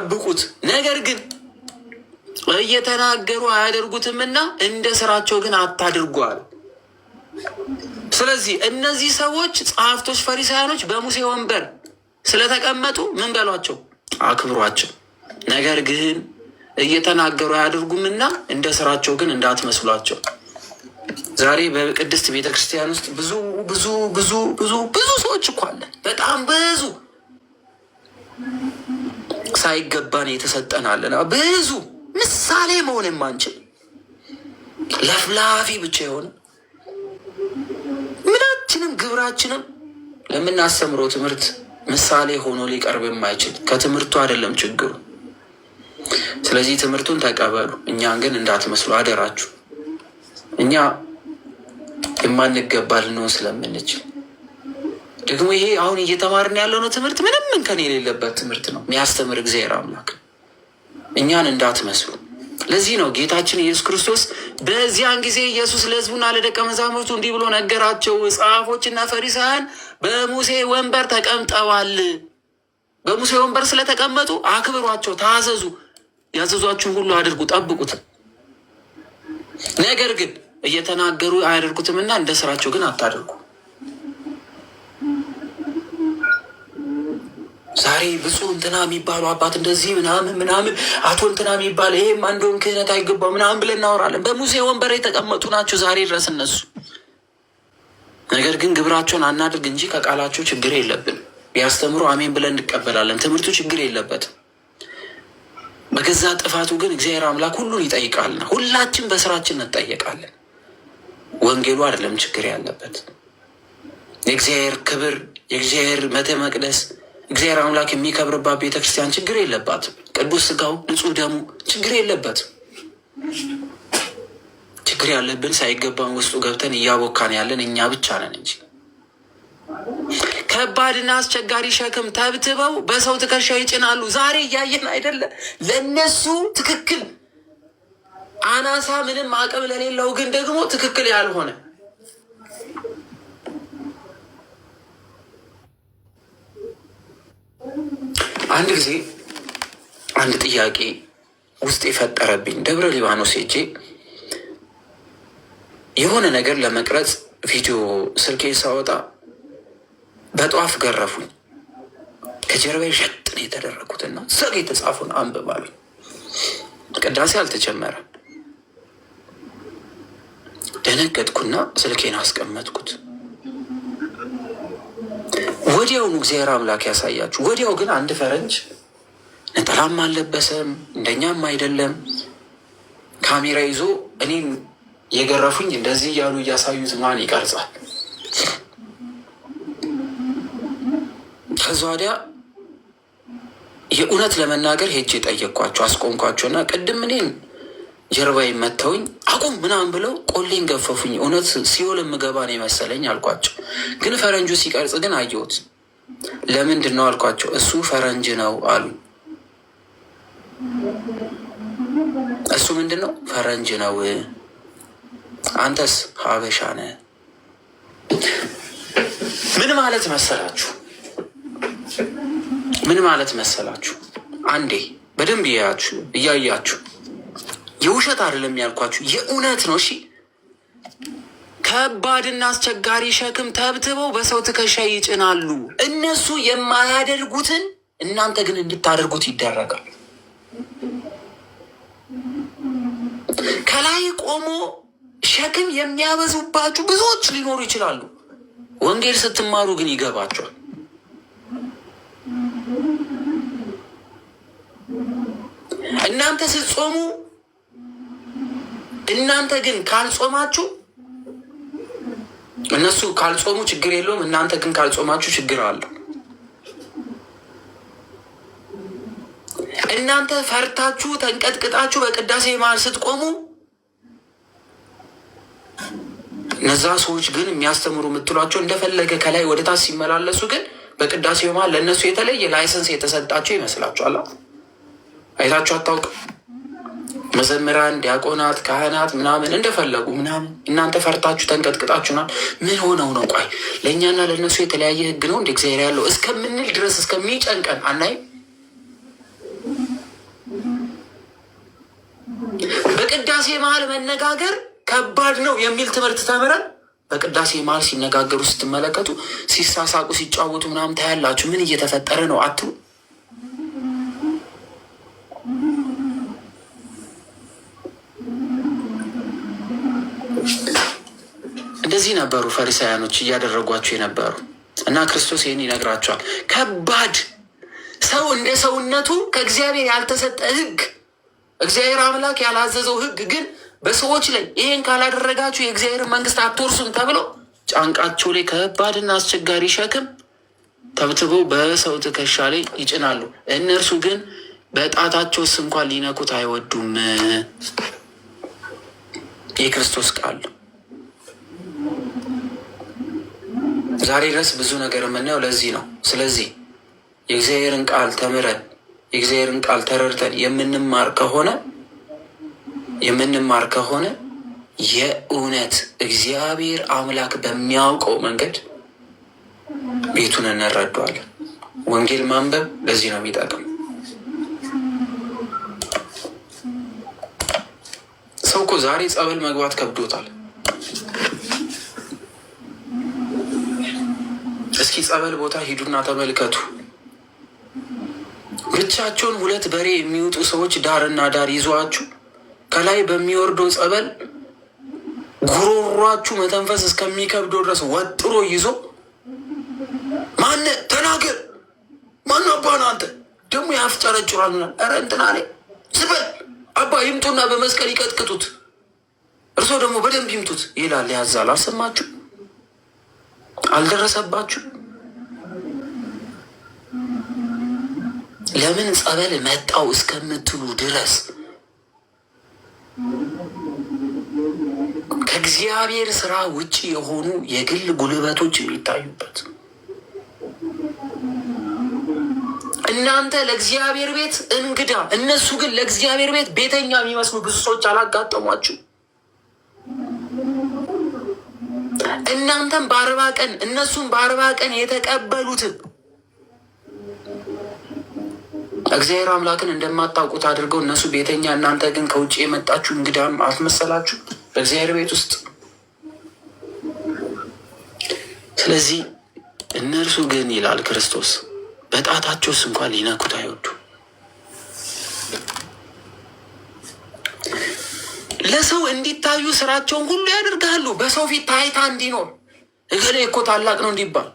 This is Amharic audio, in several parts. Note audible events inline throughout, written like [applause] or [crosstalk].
ጠብቁት። ነገር ግን እየተናገሩ አያደርጉትምና እንደ ስራቸው ግን አታድርጓል። ስለዚህ እነዚህ ሰዎች ጸሐፍቶች፣ ፈሪሳያኖች በሙሴ ወንበር ስለተቀመጡ ምን በሏቸው? አክብሯቸው። ነገር ግን እየተናገሩ አያደርጉምና እንደ ስራቸው ግን እንዳትመስሏቸው። ዛሬ በቅድስት ቤተ ክርስቲያን ውስጥ ብዙ ብዙ ብዙ ብዙ ብዙ ሰዎች እኮ አለን። በጣም ብዙ ሳይገባን የተሰጠናለን ብዙ ምሳሌ መሆን የማንችል ለፍላፊ ብቻ የሆነ ምናችንም ግብራችንም ለምናስተምረው ትምህርት ምሳሌ ሆኖ ሊቀርብ የማይችል ከትምህርቱ አይደለም ችግሩ። ስለዚህ ትምህርቱን ተቀበሉ፣ እኛን ግን እንዳትመስሉ አደራችሁ። እኛ የማንገባ ልንሆን ስለምንችል ደግሞ ይሄ አሁን እየተማርን ያለው ነው ትምህርት ምንም እንከን የሌለበት ትምህርት ነው የሚያስተምር እግዚአብሔር አምላክ እኛን እንዳትመስሉ። ለዚህ ነው ጌታችን ኢየሱስ ክርስቶስ በዚያን ጊዜ ኢየሱስ ለህዝቡና ለደቀ መዛሙርቱ እንዲህ ብሎ ነገራቸው። ጸሐፎችና ፈሪሳውያን በሙሴ ወንበር ተቀምጠዋል። በሙሴ ወንበር ስለተቀመጡ አክብሯቸው፣ ታዘዙ፣ ያዘዟችሁን ሁሉ አድርጉ፣ ጠብቁት። ነገር ግን እየተናገሩ አያደርጉትምና እንደ ስራቸው ግን አታደርጉ ዛሬ ብፁዕ እንትና የሚባሉ አባት እንደዚህ ምናምን ምናምን አቶ እንትና የሚባል ይሄም አንዱን ክህነት አይገባው ምናምን ብለን እናወራለን። በሙሴ ወንበር የተቀመጡ ናቸው ዛሬ ድረስ እነሱ። ነገር ግን ግብራቸውን አናድርግ እንጂ ከቃላቸው ችግር የለብን። ቢያስተምሩ አሜን ብለን እንቀበላለን። ትምህርቱ ችግር የለበትም። በገዛ ጥፋቱ ግን እግዚአብሔር አምላክ ሁሉን ይጠይቃልና ሁላችን በስራችን እንጠየቃለን። ወንጌሉ አይደለም ችግር ያለበት የእግዚአብሔር ክብር የእግዚአብሔር ቤተ መቅደስ እግዚአብሔር አምላክ የሚከብርባት ቤተክርስቲያን ችግር የለባትም። ቅዱስ ስጋው ንጹህ ደሙ ችግር የለበትም። ችግር ያለብን ሳይገባን ውስጡ ገብተን እያቦካን ያለን እኛ ብቻ ነን እንጂ ከባድና አስቸጋሪ ሸክም ተብትበው በሰው ትከሻ ይጭናሉ። ዛሬ እያየን አይደለም? ለእነሱ ትክክል አናሳ ምንም አቅም ለሌለው ግን ደግሞ ትክክል ያልሆነ አንድ ጊዜ አንድ ጥያቄ ውስጥ የፈጠረብኝ ደብረ ሊባኖስ ሄጄ የሆነ ነገር ለመቅረጽ ቪዲዮ ስልኬ ሳወጣ በጧፍ ገረፉኝ። ከጀርባ ሸጥን የተደረጉትና ዘግ የተጻፉን አንብብ ቅዳሴ አልተጀመረም። ደነገጥኩና ስልኬን አስቀመጥኩት። ወዲያውኑ እግዚአብሔር አምላክ ያሳያችሁ። ወዲያው ግን አንድ ፈረንጅ ነጠላም አልለበሰም እንደኛም አይደለም፣ ካሜራ ይዞ እኔም የገረፉኝ እንደዚህ እያሉ እያሳዩት ማን ይቀርጻል? ከዛ ወዲያ የእውነት ለመናገር ሄጅ የጠየቅኳቸው አስቆምኳቸውና ቅድም እኔን ጀርባዬ መተውኝ አቁም ምናምን ብለው ቆሌን ገፈፉኝ። እውነት ሲኦል የምገባ ነው የመሰለኝ አልኳቸው። ግን ፈረንጁ ሲቀርጽ ግን አየሁት። ለምንድን ነው አልኳቸው። እሱ ፈረንጅ ነው አሉ። እሱ ምንድን ነው ፈረንጅ ነው። አንተስ ሀበሻ ነህ። ምን ማለት መሰላችሁ? ምን ማለት መሰላችሁ? አንዴ በደንብ እያያችሁ እያያችሁ የውሸት አይደለም ያልኳችሁ የእውነት ነው። እሺ ከባድና አስቸጋሪ ሸክም ተብትበው በሰው ትከሻ ይጭናሉ። እነሱ የማያደርጉትን እናንተ ግን እንድታደርጉት ይደረጋል። ከላይ ቆሞ ሸክም የሚያበዙባችሁ ብዙዎች ሊኖሩ ይችላሉ። ወንጌል ስትማሩ ግን ይገባቸዋል። እናንተ ስትጾሙ እናንተ ግን ካልጾማችሁ እነሱ ካልጾሙ ችግር የለውም። እናንተ ግን ካልጾማችሁ ችግር አለው። እናንተ ፈርታችሁ ተንቀጥቅጣችሁ በቅዳሴ መሃል ስትቆሙ፣ እነዛ ሰዎች ግን የሚያስተምሩ የምትሏቸው እንደፈለገ ከላይ ወደ ታች ሲመላለሱ ግን በቅዳሴ መሃል ለእነሱ የተለየ ላይሰንስ የተሰጣቸው ይመስላችኋል። አይታችሁ አታውቅም። መዘምራን፣ ዲያቆናት፣ ካህናት ምናምን እንደፈለጉ ምናምን እናንተ ፈርታችሁ ተንቀጥቅጣችሁናል። ምን ሆነው ነው? ቆይ ለእኛና ለእነሱ የተለያየ ህግ ነው እንደ እግዚአብሔር ያለው እስከምንል ድረስ እስከሚጨንቀን አናይም። በቅዳሴ መሀል መነጋገር ከባድ ነው የሚል ትምህርት ተምረን በቅዳሴ መሀል ሲነጋገሩ ስትመለከቱ፣ ሲሳሳቁ፣ ሲጫወቱ ምናምን ታያላችሁ። ምን እየተፈጠረ ነው አትሉ እንደዚህ ነበሩ ፈሪሳውያኖች እያደረጓቸው የነበሩ እና ክርስቶስ ይህን ይነግራቸዋል። ከባድ ሰው እንደ ሰውነቱ ከእግዚአብሔር ያልተሰጠ ሕግ እግዚአብሔር አምላክ ያላዘዘው ሕግ ግን በሰዎች ላይ ይህን ካላደረጋችሁ የእግዚአብሔር መንግስት አትወርሱም ተብሎ ጫንቃቸው ላይ ከባድና አስቸጋሪ ሸክም ተብትበው በሰው ትከሻ ላይ ይጭናሉ። እነርሱ ግን በጣታቸውስ እንኳን ሊነኩት አይወዱም። የክርስቶስ ቃል ዛሬ ድረስ ብዙ ነገር የምናየው ለዚህ ነው። ስለዚህ የእግዚአብሔርን ቃል ተምረን የእግዚአብሔርን ቃል ተረድተን የምንማር ከሆነ የምንማር ከሆነ የእውነት እግዚአብሔር አምላክ በሚያውቀው መንገድ ቤቱን እንረዳዋለን። ወንጌል ማንበብ ለዚህ ነው የሚጠቅም። እኮ ዛሬ ጸበል መግባት ከብዶታል። እስኪ ጸበል ቦታ ሂዱና ተመልከቱ። ብቻቸውን ሁለት በሬ የሚውጡ ሰዎች ዳርና ዳር ይዟችሁ ከላይ በሚወርደው ጸበል ጉሮሯችሁ መተንፈስ እስከሚከብደው ድረስ ወጥሮ ይዞ ማነ ተናገር፣ ማናባን አንተ ደግሞ ያፍጨረጭሯል። ኧረ እንትና ዝበል አባ ይምጡና በመስቀል ይቀጥቅጡት፣ እርሶ ደግሞ በደንብ ይምጡት ይላል ያዛል። አልሰማችሁ? አልደረሰባችሁ? ለምን ጸበል መጣው እስከምትሉ ድረስ ከእግዚአብሔር ስራ ውጭ የሆኑ የግል ጉልበቶች የሚታዩበት እናንተ ለእግዚአብሔር ቤት እንግዳ፣ እነሱ ግን ለእግዚአብሔር ቤት ቤተኛ የሚመስሉ ብዙ ሰዎች አላጋጠሟችሁ? እናንተም በአርባ ቀን እነሱም በአርባ ቀን የተቀበሉትን እግዚአብሔር አምላክን እንደማታውቁት አድርገው እነሱ ቤተኛ፣ እናንተ ግን ከውጭ የመጣችሁ እንግዳም አስመሰላችሁ በእግዚአብሔር ቤት ውስጥ። ስለዚህ እነርሱ ግን ይላል ክርስቶስ በጣታቸውስ እንኳን ሊነኩት አይወዱ። ለሰው እንዲታዩ ስራቸውን ሁሉ ያደርጋሉ። በሰው ፊት ታይታ እንዲኖር እገሌ እኮ ታላቅ ነው እንዲባል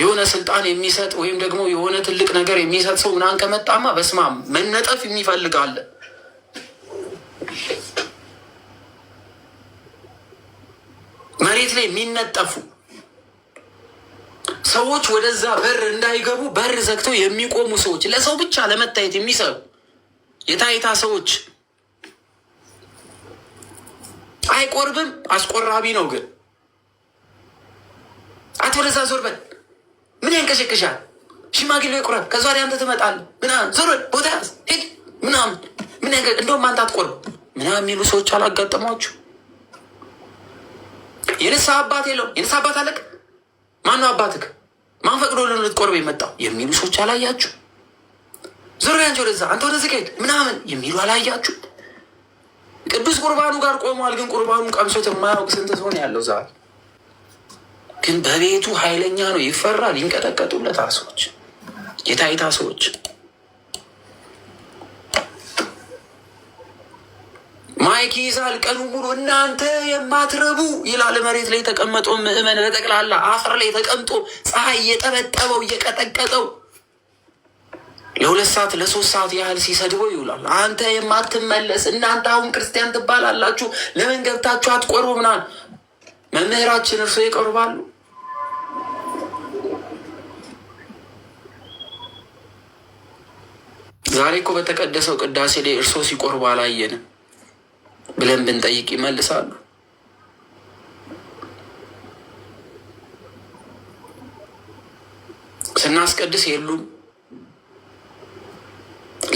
የሆነ ስልጣን የሚሰጥ ወይም ደግሞ የሆነ ትልቅ ነገር የሚሰጥ ሰው ምናምን ከመጣማ በስማም መነጠፍ የሚፈልጋለን ላይ የሚነጠፉ ሰዎች ወደዛ በር እንዳይገቡ በር ዘግተው የሚቆሙ ሰዎች፣ ለሰው ብቻ ለመታየት የሚሰሩ የታይታ ሰዎች። አይቆርብም፣ አስቆራቢ ነው። ግን አቶ ወደዛ ዞር በል፣ ምን ያንቀሸቅሻል? ሽማግሌ ይቁረብ፣ ከዛ ወዲያ አንተ ትመጣለህ ምናምን፣ ዞር በል፣ ቦታ ሂድ ምናምን፣ ምን እንደውም አንተ አትቆርብ ምናምን የሚሉ ሰዎች አላጋጠሟችሁ? የንስሐ አባት የለውም። የንስሐ አባት አለቅ ማነው አባትክ? ማን ፈቅዶልን ልትቆርብ የመጣው የሚሉ ሰዎች አላያችሁ? ዞር አንቺ ወደዛ፣ አንተ ወደዚህ ከሄድ ምናምን የሚሉ አላያችሁ? ቅዱስ ቁርባኑ ጋር ቆሟል፣ ግን ቁርባኑን ቀምሶት የማያውቅ ስንት ሰሆን ያለው ዛ ግን በቤቱ ኃይለኛ ነው፣ ይፈራል። ይንቀጠቀጡለት ሰዎች፣ የታይታ ሰዎች ማይክ ይዛል ቀኑ ሙሉ እናንተ የማትረቡ ይላል። መሬት ላይ የተቀመጠ ምእመን በጠቅላላ አፈር ላይ ተቀምጦ ፀሐይ እየጠበጠበው እየቀጠቀጠው ለሁለት ሰዓት ለሶስት ሰዓት ያህል ሲሰድበው ይውላል። አንተ የማትመለስ እናንተ አሁን ክርስቲያን ትባላላችሁ ለምን ገብታችሁ አትቆሩ ምናል መምህራችን እርሶ ይቀርባሉ። ዛሬ እኮ በተቀደሰው ቅዳሴ ላይ እርሶ ሲቆርቡ አላየንም። ብለን ብንጠይቅ ይመልሳሉ። ስናስቀድስ የሉም።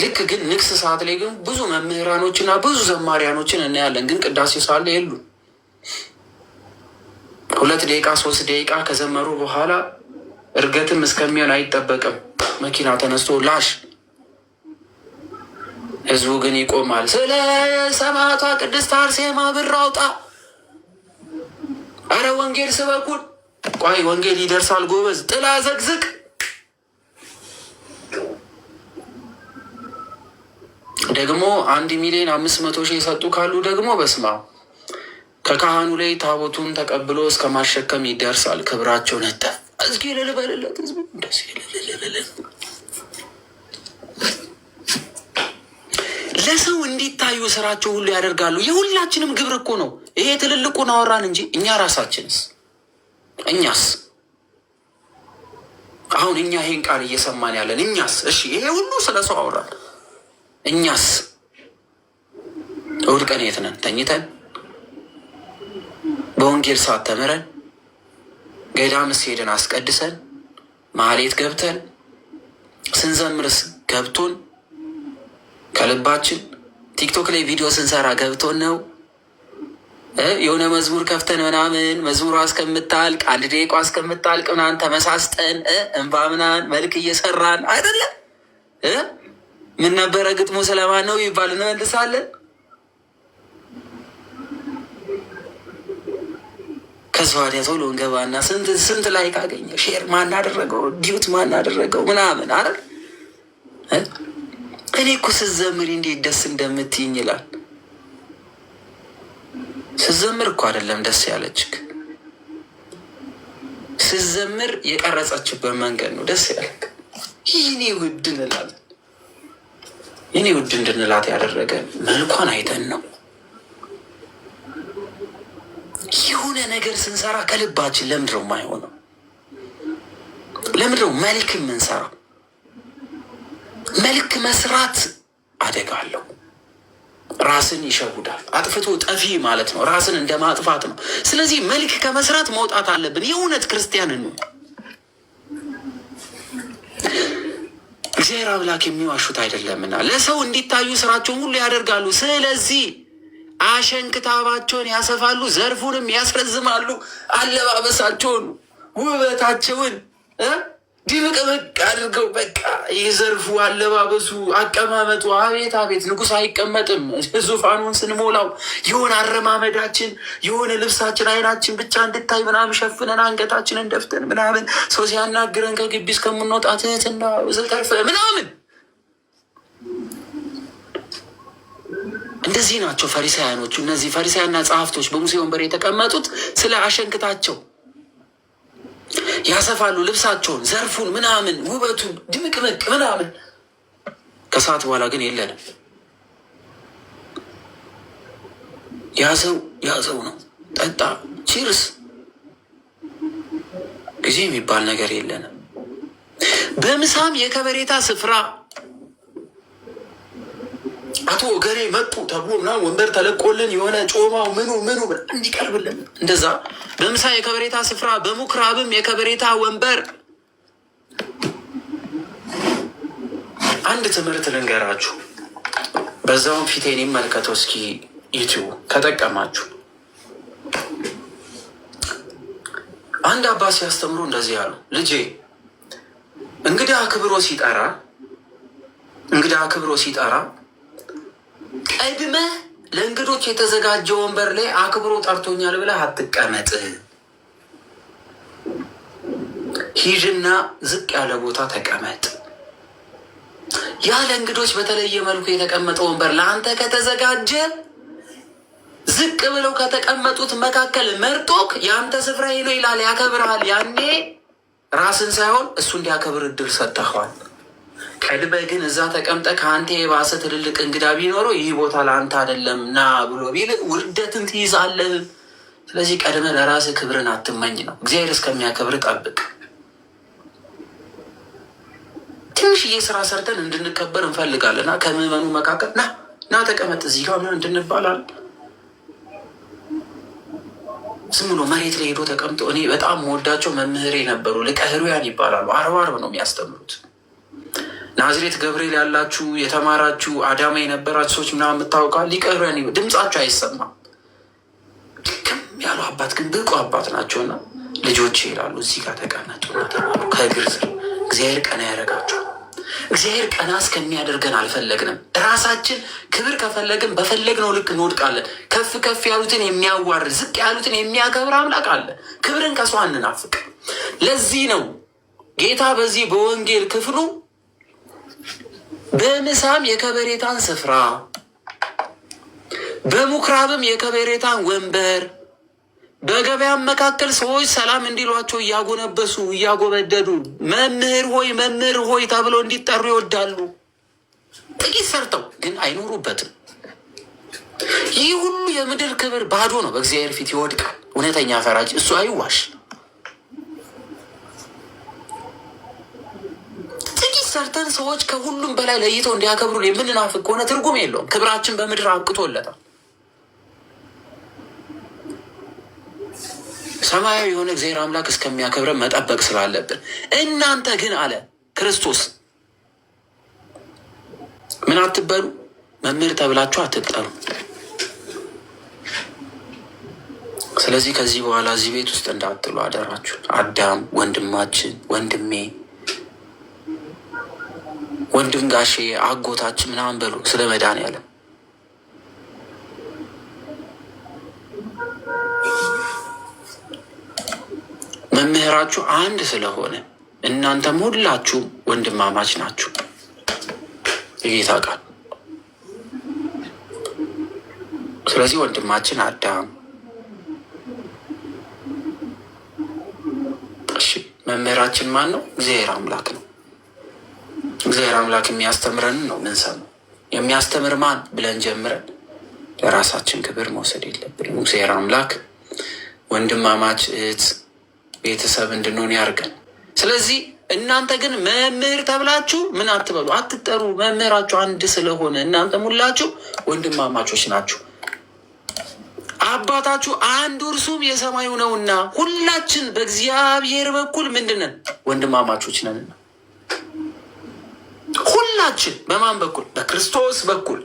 ልክ ግን ንግስ ሰዓት ላይ ግን ብዙ መምህራኖችና ብዙ ዘማሪያኖችን እናያለን። ግን ቅዳሴ ሳለ የሉም። ሁለት ደቂቃ ሶስት ደቂቃ ከዘመሩ በኋላ እርገትም እስከሚሆን አይጠበቅም። መኪና ተነስቶ ላሽ ህዝቡ ግን ይቆማል። ስለ ሰማዕቷ ቅድስት አርሴማ ብር አውጣ፣ አረ ወንጌል ስበኩን። ቆይ ወንጌል ይደርሳል ጎበዝ፣ ጥላ ዘግዝቅ። ደግሞ አንድ ሚሊዮን አምስት መቶ ሺህ የሰጡ ካሉ ደግሞ በስማ ከካህኑ ላይ ታቦቱን ተቀብሎ እስከ ማሸከም ይደርሳል። ክብራቸው ነጠፍ እዝጌ ልልበልለት ለሰው እንዲታዩ ስራቸው ሁሉ ያደርጋሉ። የሁላችንም ግብር እኮ ነው ይሄ። ትልልቁን አወራን እንጂ እኛ ራሳችንስ እኛስ አሁን እኛ ይሄን ቃል እየሰማን ያለን እኛስ? እሺ ይሄ ሁሉ ስለ ሰው አወራን። እኛስ እሑድ ቀን የት ነን? ተኝተን በወንጌል ሰዓት ተምረን ገዳምስ ሄደን አስቀድሰን ማህሌት ገብተን ስንዘምርስ ገብቶን ከልባችን ቲክቶክ ላይ ቪዲዮ ስንሰራ ገብቶን ነው የሆነ መዝሙር ከፍተን ምናምን መዝሙሯ እስከምታልቅ አንድ ደቂቋ እስከምታልቅ ምናምን ተመሳስጠን እንባ ምናምን መልክ እየሰራን አይደለም። ምን ነበረ ግጥሙ ስለማን ነው ይባል እንመልሳለን። ከዚ ቶሎ እንገባና ስንት ስንት ላይክ አገኘ፣ ሼር ማናደረገው፣ ዲዩት ማናደረገው ምናምን አይደል እኔ እኮ ስዘምር እንዴት ደስ እንደምትይኝ ይላል። ስዘምር እኮ አይደለም ደስ ያለችክ፣ ስዘምር የቀረጸችበት መንገድ ነው ደስ ያለክ። ይህኔ ውድ እንላለን። ይህኔ ውድ እንድንላት ያደረገን መልኳን አይተን ነው። የሆነ ነገር ስንሰራ ከልባችን ለምድረው ማይሆነው ለምድረው መልክ የምንሰራው መልክ መስራት አደጋ አለው። ራስን ይሸውዳል። አጥፍቶ ጠፊ ማለት ነው። ራስን እንደ ማጥፋት ነው። ስለዚህ መልክ ከመስራት መውጣት አለብን። የእውነት ክርስቲያን ነው። እግዚአብሔር አምላክ የሚዋሹት አይደለምና ለሰው እንዲታዩ ስራቸውን ሁሉ ያደርጋሉ። ስለዚህ አሸንክታባቸውን ያሰፋሉ፣ ዘርፉንም ያስረዝማሉ። አለባበሳቸውን፣ ውበታቸውን ድብቅብቅ አድርገው በቃ የዘርፉ አለባበሱ፣ አቀማመጡ አቤት አቤት ንጉሥ አይቀመጥም። ዙፋኑን ስንሞላው የሆነ አረማመዳችን የሆነ ልብሳችን አይናችን ብቻ እንድታይ ምናምን ሸፍነን አንገታችንን ደፍተን ምናምን ሰው ሲያናግረን ከግቢ እስከምንወጣ ትህትና ዝተርፈ ምናምን እንደዚህ ናቸው ፈሪሳያኖቹ። እነዚህ ፈሪሳያና ጸሐፍቶች በሙሴ ወንበር የተቀመጡት ስለ አሸንክታቸው ያሰፋሉ ልብሳቸውን፣ ዘርፉን፣ ምናምን ውበቱን ድምቅምቅ ምናምን። ከሰዓት በኋላ ግን የለንም። ያዘው ያዘው ነው ጠጣ፣ ቺርስ። ጊዜ የሚባል ነገር የለንም። በምሳም የከበሬታ ስፍራ አቶ ገሬ መጡ ተብሎ ምናምን ወንበር ተለቆልን የሆነ ጮማው ምኑ ምኑ እንዲቀርብልን እንደዛ በምሳ የከበሬታ ስፍራ በምኩራብም የከበሬታ ወንበር። አንድ ትምህርት ልንገራችሁ፣ በዛውም ፊቴን ይመልከተው እስኪ ዩቲዩብ ከጠቀማችሁ። አንድ አባት ሲያስተምሩ እንደዚህ አሉ። ልጄ እንግዳ አክብሮ ሲጠራ እንግዳ አክብሮ ሲጠራ ቀድመህ ለእንግዶች የተዘጋጀ ወንበር ላይ አክብሮ ጠርቶኛል ብለህ አትቀመጥ። ሂድና ዝቅ ያለ ቦታ ተቀመጥ። ያ ለእንግዶች በተለየ መልኩ የተቀመጠ ወንበር ለአንተ ከተዘጋጀ ዝቅ ብለው ከተቀመጡት መካከል መርጦክ የአንተ ስፍራ ነው ይላል፣ ያከብርሃል። ያኔ ራስን ሳይሆን እሱ እንዲያከብር እድል ሰጥተዋል። ቀድመ ግን እዛ ተቀምጠ ከአንተ የባሰ ትልልቅ እንግዳ ቢኖረው ይህ ቦታ ለአንተ አይደለም ና ብሎ ቢል ውርደትን ትይዛለህ። ስለዚህ ቀድመ ለራስ ክብርን አትመኝ ነው። እግዚአብሔር እስከሚያከብር ጠብቅ። ትንሽዬ ስራ ሰርተን እንድንከበር እንፈልጋለና ከምዕመኑ መካከል ና ና ተቀመጥ እዚህ ጋር ምን እንድንባላል ዝም ብሎ መሬት ላይ ሄዶ ተቀምጦ እኔ በጣም መወዳቸው መምህሬ ነበሩ። ልቀህሩያን ይባላሉ። አርባ አርብ ነው የሚያስተምሩት። ናዝሬት ገብርኤል ያላችሁ የተማራችሁ አዳማ የነበራችሁ ሰዎች ምናምን የምታውቃ ሊቀረን ድምጻችሁ አይሰማም። ድክም ያሉ አባት ግን ብቁ አባት ናቸውና ልጆች ይላሉ እዚህ ጋር ተቀመጡ ተማሩ ከእግር ስር እግዚአብሔር ቀና ያደረጋችሁ። እግዚአብሔር ቀና እስከሚያደርገን አልፈለግንም። ራሳችን ክብር ከፈለግን በፈለግነው ልክ እንወድቃለን። ከፍ ከፍ ያሉትን የሚያዋርድ ዝቅ ያሉትን የሚያከብር አምላክ አለ። ክብርን ከሰው አንናፍቅ። ለዚህ ነው ጌታ በዚህ በወንጌል ክፍሉ በምሳም የከበሬታን ስፍራ በምኩራብም የከበሬታን ወንበር በገበያም መካከል ሰዎች ሰላም እንዲሏቸው እያጎነበሱ እያጎበደዱ መምህር ሆይ መምህር ሆይ ተብለው እንዲጠሩ ይወዳሉ። ጥቂት ሰርተው ግን አይኖሩበትም። ይህ ሁሉ የምድር ክብር ባዶ ነው፣ በእግዚአብሔር ፊት ይወድቃል። እውነተኛ ፈራጅ እሱ አይዋሽ። ሰርተን ሰዎች ከሁሉም በላይ ለይተው እንዲያከብሩ የምንናፍቅ ከሆነ ትርጉም የለውም። ክብራችን በምድር አብቅቶለታል። ሰማያዊ የሆነ እግዚአብሔር አምላክ እስከሚያከብረን መጠበቅ ስላለብን፣ እናንተ ግን አለ ክርስቶስ ምን አትበሉ፣ መምህር ተብላችሁ አትጠሩ። ስለዚህ ከዚህ በኋላ እዚህ ቤት ውስጥ እንዳትሉ አደራችሁ። አዳም ወንድማችን፣ ወንድሜ ወንድም ጋሼ አጎታችን ምናምን በሉ ስለ ያለ መምህራችሁ አንድ ስለሆነ እናንተም ሁላችሁ ወንድማማች ናችሁ። የጌታ ቃል ስለዚህ ወንድማችን አዳም መምህራችን ማን ነው? እግዚአብሔር አምላክ ነው። እግዚአብሔር አምላክ የሚያስተምረን ነው ምንሰማው። የሚያስተምር ማን ብለን ጀምረን ለራሳችን ክብር መውሰድ የለብንም። እግዚአብሔር አምላክ ወንድማማች እህት ቤተሰብ እንድንሆን ያርገን። ስለዚህ እናንተ ግን መምህር ተብላችሁ ምን አትበሉ፣ አትጠሩ። መምህራችሁ አንድ ስለሆነ እናንተ ሁላችሁ ወንድማማቾች ናችሁ። አባታችሁ አንዱ እርሱም የሰማዩ ነውና ሁላችን በእግዚአብሔር በኩል ምንድነን ወንድማማቾች ነንና ሁላችን በማን በኩል? በክርስቶስ በኩል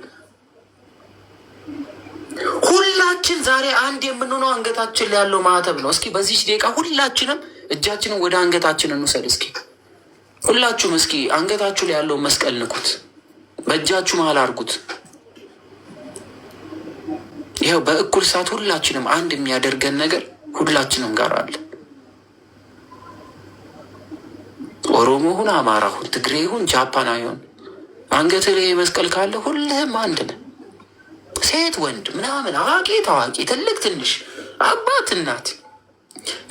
ሁላችን ዛሬ አንድ የምንሆነው አንገታችን ላይ ያለው ማዕተብ ነው። እስኪ በዚች ደቂቃ ሁላችንም እጃችንን ወደ አንገታችን እንውሰድ። እስኪ ሁላችሁም እስኪ አንገታችሁ ላይ ያለውን መስቀል ንኩት፣ በእጃችሁ መሀል አድርጉት። ይኸው በእኩል ሰዓት ሁላችንም አንድ የሚያደርገን ነገር ሁላችንም ጋር አለ። ኦሮሞ ሁን፣ አማራ ሁን፣ ትግሬ ሁን፣ ጃፓናዊ ሁን አንገት ላይ መስቀል ካለ ሁልህም አንድ ነህ። ሴት ወንድ ምናምን አዋቂ ታዋቂ ትልቅ ትንሽ አባት እናት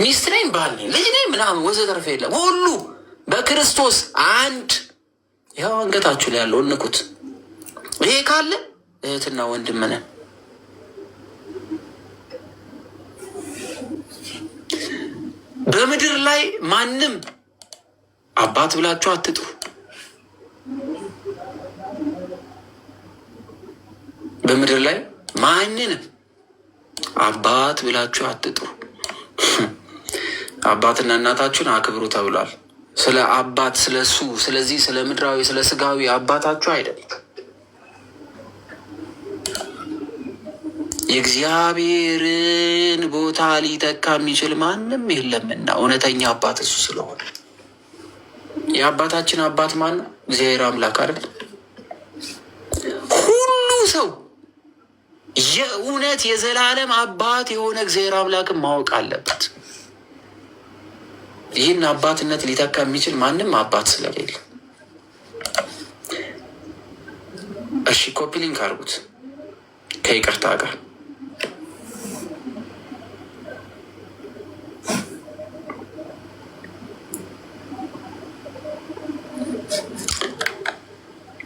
ሚስት ነኝ ባል ነኝ ልጅ ነኝ ምናምን ወዘተርፈ የለም ሁሉ በክርስቶስ አንድ። ያው አንገታችሁ ላይ ያለው እንኩት። ይሄ ካለ እህትና ወንድም ነን። በምድር ላይ ማንም አባት ብላችሁ አትጥሩ። በምድር ላይ ማንንም አባት ብላችሁ አትጥሩ። [laughs] አባትና እናታችሁን አክብሩ ተብሏል። ስለ አባት ስለ እሱ ስለዚህ ስለ ምድራዊ ስለ ስጋዊ አባታችሁ አይደለም። የእግዚአብሔርን ቦታ ሊተካ የሚችል ማንም የለምና እውነተኛ አባት እሱ ስለሆነ የአባታችን አባት ማን ነው? እግዚአብሔር አምላክ አይደል? ሁሉ ሰው የእውነት የዘላለም አባት የሆነ እግዚአብሔር አምላክን ማወቅ አለበት። ይህን አባትነት ሊተካ የሚችል ማንም አባት ስለሌለ፣ እሺ ሊንክ አድርጉት ከይቅርታ ጋር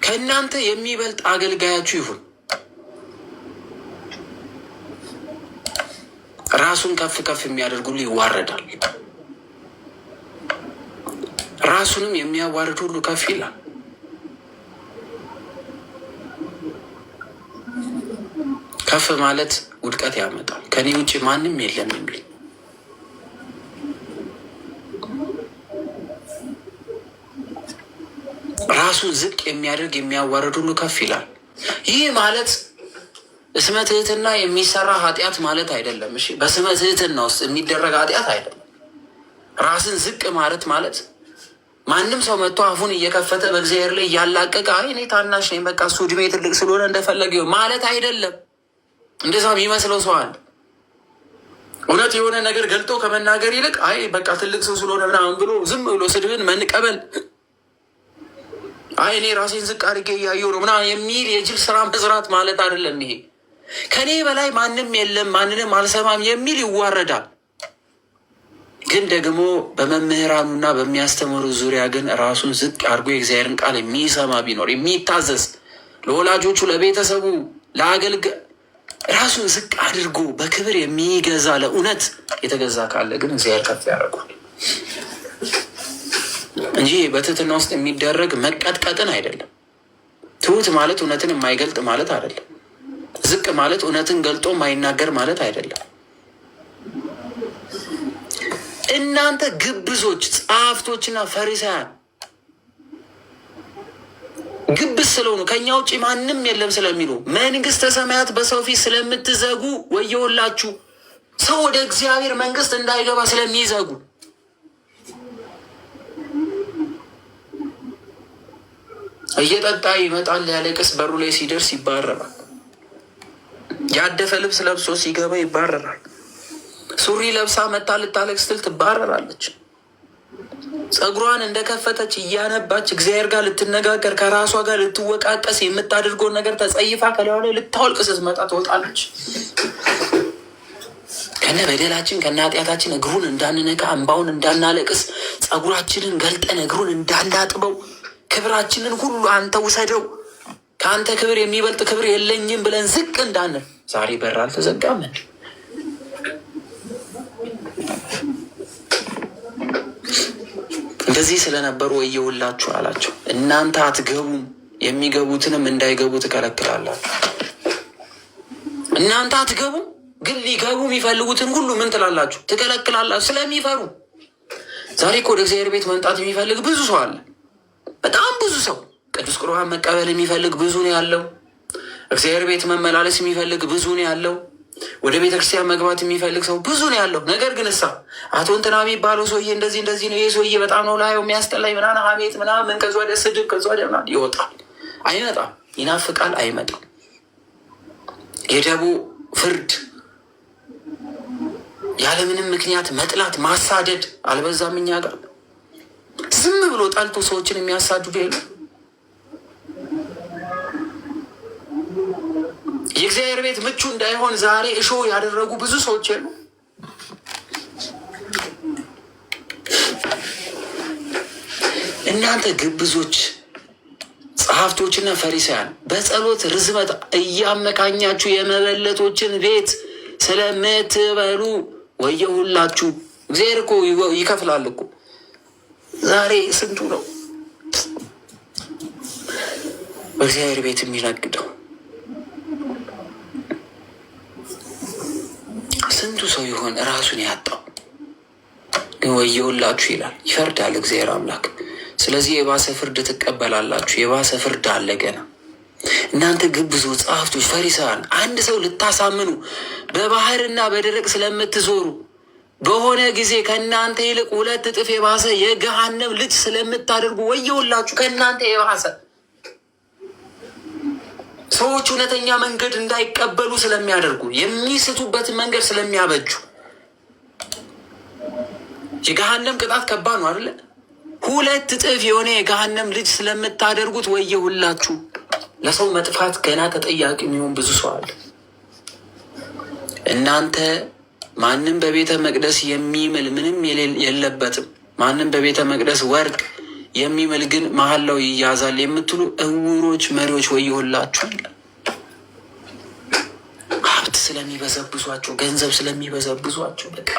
ከእናንተ የሚበልጥ አገልጋያችሁ ይሁን። ራሱን ከፍ ከፍ የሚያደርግ ሁሉ ይዋረዳል፣ ራሱንም የሚያዋርድ ሁሉ ከፍ ይላል። ከፍ ማለት ውድቀት ያመጣል። ከኔ ውጭ ማንም የለም የሚል ራሱን ዝቅ የሚያደርግ የሚያዋርድ ሁሉ ከፍ ይላል። ይህ ማለት ስመ ትህትና የሚሰራ ኃጢአት ማለት አይደለም። እሺ፣ በስመ ትህትና ውስጥ የሚደረግ ኃጢአት አይደለም። ራስን ዝቅ ማለት ማለት ማንም ሰው መጥቶ አፉን እየከፈተ በእግዚአብሔር ላይ እያላቀቀ አይ እኔ ታናሽ ነኝ፣ በቃ እሱ ዕድሜ ትልቅ ስለሆነ እንደፈለገ ማለት አይደለም። እንደዛ የሚመስለው ሰው አለ። እውነት የሆነ ነገር ገልጦ ከመናገር ይልቅ አይ በቃ ትልቅ ሰው ስለሆነ ምናምን ብሎ ዝም ብሎ ስድብን መንቀበል አይ እኔ ራሴን ዝቅ አድርጌ እያየሁ ነው ምናምን የሚል የጅል ስራ መስራት ማለት አይደለም ይሄ ከኔ በላይ ማንም የለም፣ ማንንም አልሰማም የሚል ይዋረዳል። ግን ደግሞ በመምህራኑና በሚያስተምሩ ዙሪያ ግን ራሱን ዝቅ አድርጎ የእግዚአብሔርን ቃል የሚሰማ ቢኖር የሚታዘዝ ለወላጆቹ፣ ለቤተሰቡ፣ ለአገልግ ራሱን ዝቅ አድርጎ በክብር የሚገዛ ለእውነት የተገዛ ካለ ግን እግዚአብሔር ከፍ ያደርጓል እንጂ በትህትና ውስጥ የሚደረግ መቀጥቀጥን አይደለም። ትሁት ማለት እውነትን የማይገልጥ ማለት አይደለም። ዝቅ ማለት እውነትን ገልጦ ማይናገር ማለት አይደለም። እናንተ ግብዞች፣ ጸሐፍቶችና ፈሪሳያን ግብዝ ስለሆኑ ከእኛ ውጭ ማንም የለም ስለሚሉ መንግስተ ሰማያት በሰው ፊት ስለምትዘጉ ወየውላችሁ። ሰው ወደ እግዚአብሔር መንግስት እንዳይገባ ስለሚዘጉ እየጠጣ ይመጣል፣ ያለቅስ፣ በሩ ላይ ሲደርስ ይባረራል። ያደፈ ልብስ ለብሶ ሲገባ ይባረራል። ሱሪ ለብሳ መታ ልታለቅስ ስትል ትባረራለች። ጸጉሯን እንደከፈተች እያነባች እግዚአብሔር ጋር ልትነጋገር ከራሷ ጋር ልትወቃቀስ የምታደርገውን ነገር ተጸይፋ ከላዩ ላይ ልታወልቅ ስትመጣ ትወጣለች። ከነ በደላችን ከነ ኃጢአታችን እግሩን እንዳንነካ እንባውን እንዳናለቅስ ጸጉራችንን ገልጠን እግሩን እንዳናጥበው ክብራችንን ሁሉ አንተ ውሰደው ከአንተ ክብር የሚበልጥ ክብር የለኝም ብለን ዝቅ እንዳንል ዛሬ በር አልተዘጋም። እንደዚህ ስለነበሩ ወየውላችሁ አላቸው። እናንተ አትገቡም፣ የሚገቡትንም እንዳይገቡ ትከለክላላችሁ። እናንተ አትገቡም፣ ግን ሊገቡ የሚፈልጉትን ሁሉ ምን ትላላችሁ? ትከለክላላችሁ፣ ስለሚፈሩ። ዛሬ እኮ ወደ እግዚአብሔር ቤት መምጣት የሚፈልግ ብዙ ሰው አለ፣ በጣም ብዙ ሰው ቅዱስ ቁርባን መቀበል የሚፈልግ ብዙ ነው ያለው። እግዚአብሔር ቤት መመላለስ የሚፈልግ ብዙ ነው ያለው። ወደ ቤተ ክርስቲያን መግባት የሚፈልግ ሰው ብዙ ነው ያለው። ነገር ግን እሳ አቶ እንትና የሚባለው ሰውዬ እንደዚህ እንደዚህ ነው ይሄ ሰውዬ በጣም ነው ላየው የሚያስጠላኝ ምናምን አቤት ምናምን ከዚ ወደ ስድብ ከዚ ወደ ምናምን ይወጣል። አይመጣም፣ ይናፍቃል፣ አይመጣም። የደቡ ፍርድ ያለምንም ምክንያት መጥላት፣ ማሳደድ አልበዛም እኛ ጋር ዝም ብሎ ጠልቶ ሰዎችን የሚያሳድዱ የለም። የእግዚአብሔር ቤት ምቹ እንዳይሆን ዛሬ እሾ ያደረጉ ብዙ ሰዎች የሉ። እናንተ ግብዞች ጸሐፍቶችና ፈሪሳያን በጸሎት ርዝመት እያመካኛችሁ የመበለቶችን ቤት ስለምትበሉ ወየሁላችሁ። እግዚአብሔር እኮ ይከፍላል እኮ። ዛሬ ስንቱ ነው በእግዚአብሔር ቤት የሚነግደው? ስንቱ ሰው ይሆን ራሱን ያጣው? ግን ወየውላችሁ ይላል። ይፈርዳል እግዚአብሔር አምላክ። ስለዚህ የባሰ ፍርድ ትቀበላላችሁ። የባሰ ፍርድ አለ ገና። እናንተ ግብዞ ጸሐፍቶች፣ ፈሪሳውያን አንድ ሰው ልታሳምኑ በባህርና በደረቅ ስለምትዞሩ በሆነ ጊዜ ከእናንተ ይልቅ ሁለት እጥፍ የባሰ የገሃነም ልጅ ስለምታደርጉ ወየውላችሁ ከእናንተ የባሰ ሰዎች እውነተኛ መንገድ እንዳይቀበሉ ስለሚያደርጉ የሚስቱበትን መንገድ ስለሚያበጁ የገሃነም ቅጣት ከባድ ነው አይደለ? ሁለት እጥፍ የሆነ የገሃነም ልጅ ስለምታደርጉት ወየሁላችሁ። ለሰው መጥፋት ገና ተጠያቂ የሚሆን ብዙ ሰው አለ። እናንተ ማንም በቤተ መቅደስ የሚምል ምንም የለበትም። ማንም በቤተ መቅደስ ወርቅ የሚምል ግን መሀላው ይያዛል የምትሉ እውሮች መሪዎች ወዮላችሁ ሀብት ስለሚበዘብዟቸው፣ ገንዘብ ስለሚበዘብዟቸው በቃ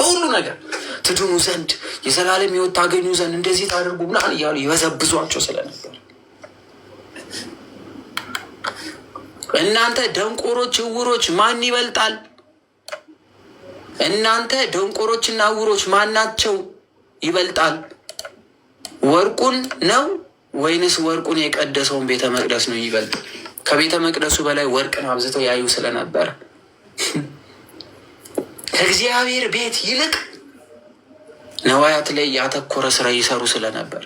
በሁሉ ነገር ትድኑ ዘንድ የዘላለም ሕይወት ታገኙ ዘንድ እንደዚህ ታደርጉ ምናምን እያሉ ይበዘብዟቸው ስለነበር እናንተ ደንቆሮች እውሮች ማን ይበልጣል? እናንተ ደንቆሮችና እውሮች ማናቸው ይበልጣል? ወርቁን ነው ወይንስ ወርቁን የቀደሰውን ቤተ መቅደስ ነው ይበልጥ? ከቤተ መቅደሱ በላይ ወርቅን አብዝተው ያዩ ስለነበር። ከእግዚአብሔር ቤት ይልቅ ነዋያት ላይ ያተኮረ ስራ ይሰሩ ስለነበረ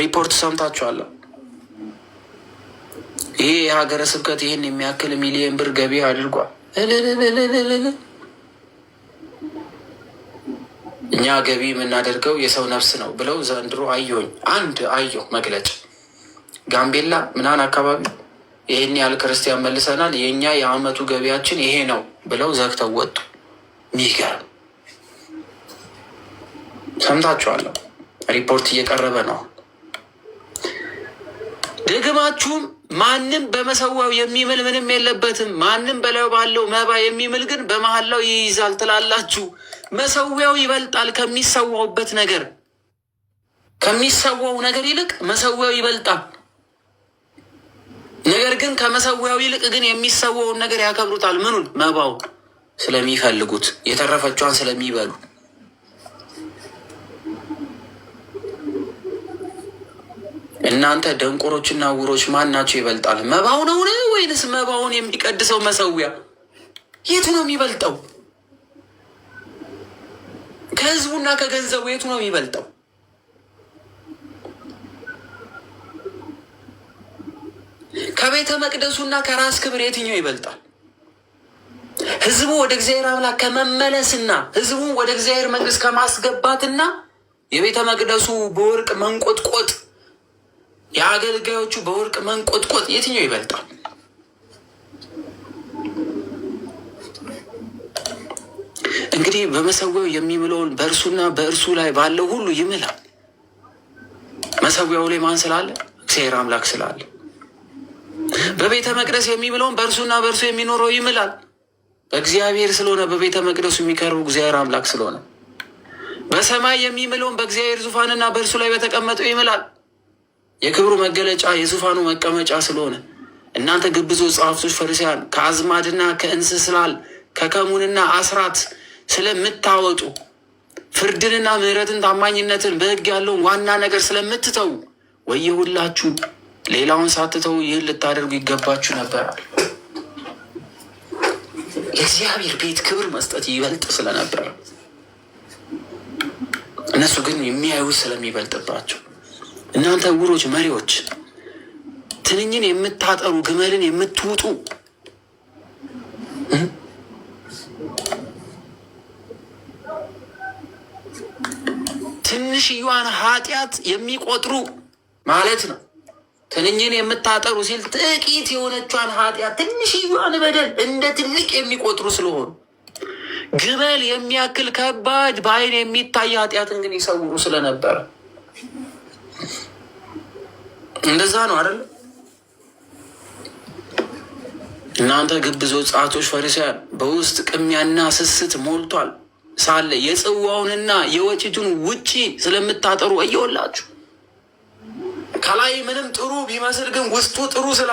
ሪፖርት ሰምታችኋለሁ። ይሄ የሀገረ ስብከት ይህን የሚያክል ሚሊየን ብር ገቢ አድርጓል። እኛ ገቢ የምናደርገው የሰው ነፍስ ነው ብለው ዘንድሮ አየሁኝ። አንድ አየሁ መግለጫ ጋምቤላ ምናን አካባቢ ይህን ያህል ክርስቲያን መልሰናል፣ የእኛ የአመቱ ገቢያችን ይሄ ነው ብለው ዘግተው ወጡ። ሚገርም ሰምታችኋለሁ። ሪፖርት እየቀረበ ነው። ደግማችሁም ማንም በመሰዋው የሚምል ምንም የለበትም፣ ማንም በላዩ ባለው መባ የሚምል ግን ላው ይይዛል ትላላችሁ። መሰዊያው ይበልጣል ከሚሰዋውበት ነገር ከሚሰዋው ነገር ይልቅ መሰዊያው ይበልጣል። ነገር ግን ከመሰዊያው ይልቅ ግን የሚሰዋውን ነገር ያከብሩታል። ምኑን? መባው ስለሚፈልጉት የተረፈቿን ስለሚበሉ እናንተ ደንቆሮችና ውሮች ማን ናቸው ይበልጣል? መባው ነው ወይንስ መባውን የሚቀድሰው መሰዊያ? የቱ ነው የሚበልጠው? ከህዝቡና ከገንዘቡ የቱ ነው የሚበልጠው? ከቤተ መቅደሱና ከራስ ክብር የትኛው ይበልጣል? ህዝቡ ወደ እግዚአብሔር አምላክ ከመመለስና ህዝቡን ወደ እግዚአብሔር መንግስት ከማስገባትና የቤተ መቅደሱ በወርቅ መንቆጥቆጥ፣ የአገልጋዮቹ በወርቅ መንቆጥቆጥ የትኛው ይበልጣል? እንግዲህ በመሰዊያው የሚምለውን በእርሱና በእርሱ ላይ ባለው ሁሉ ይምላል። መሰዊያው ላይ ማን ስላለ? እግዚአብሔር አምላክ ስላለ። በቤተ መቅደስ የሚምለውን በእርሱና በእርሱ የሚኖረው ይምላል። በእግዚአብሔር ስለሆነ በቤተ መቅደሱ የሚቀርቡ እግዚአብሔር አምላክ ስለሆነ በሰማይ የሚምለውን በእግዚአብሔር ዙፋንና በእርሱ ላይ በተቀመጠው ይምላል። የክብሩ መገለጫ የዙፋኑ መቀመጫ ስለሆነ እናንተ ግብዞ ጸሐፍቶች፣ ፈሪሳውያን ከአዝማድና ከእንስላል ከከሙንና አስራት ስለምታወጡ ፍርድንና ምሕረትን ታማኝነትን በሕግ ያለውን ዋና ነገር ስለምትተዉ ወየሁላችሁ። ሌላውን ሳትተው ይህን ልታደርጉ ይገባችሁ ነበራል። የእግዚአብሔር ቤት ክብር መስጠት ይበልጥ ስለነበረ እነሱ ግን የሚያዩት ስለሚበልጥባቸው እናንተ ዕውሮች መሪዎች ትንኝን የምታጠሩ ግመልን የምትውጡ የሰዋን ኃጢአት የሚቆጥሩ ማለት ነው። ትንኝን የምታጠሩ ሲል ጥቂት የሆነቿን ኃጢአት ትንሽዋን በደል እንደ ትልቅ የሚቆጥሩ ስለሆኑ ግመል የሚያክል ከባድ በአይን የሚታይ ኃጢአትን ግን ይሰውሩ ስለነበረ እንደዛ ነው አይደለ? እናንተ ግብዞ ጻቶች ፈሪሳያን፣ በውስጥ ቅሚያና ስስት ሞልቷል። ሳለ የጽዋውንና የወጭቱን ውጪ ስለምታጠሩ እየወላችሁ ከላይ ምንም ጥሩ ቢመስል ግን ውስጡ ጥሩ ስላ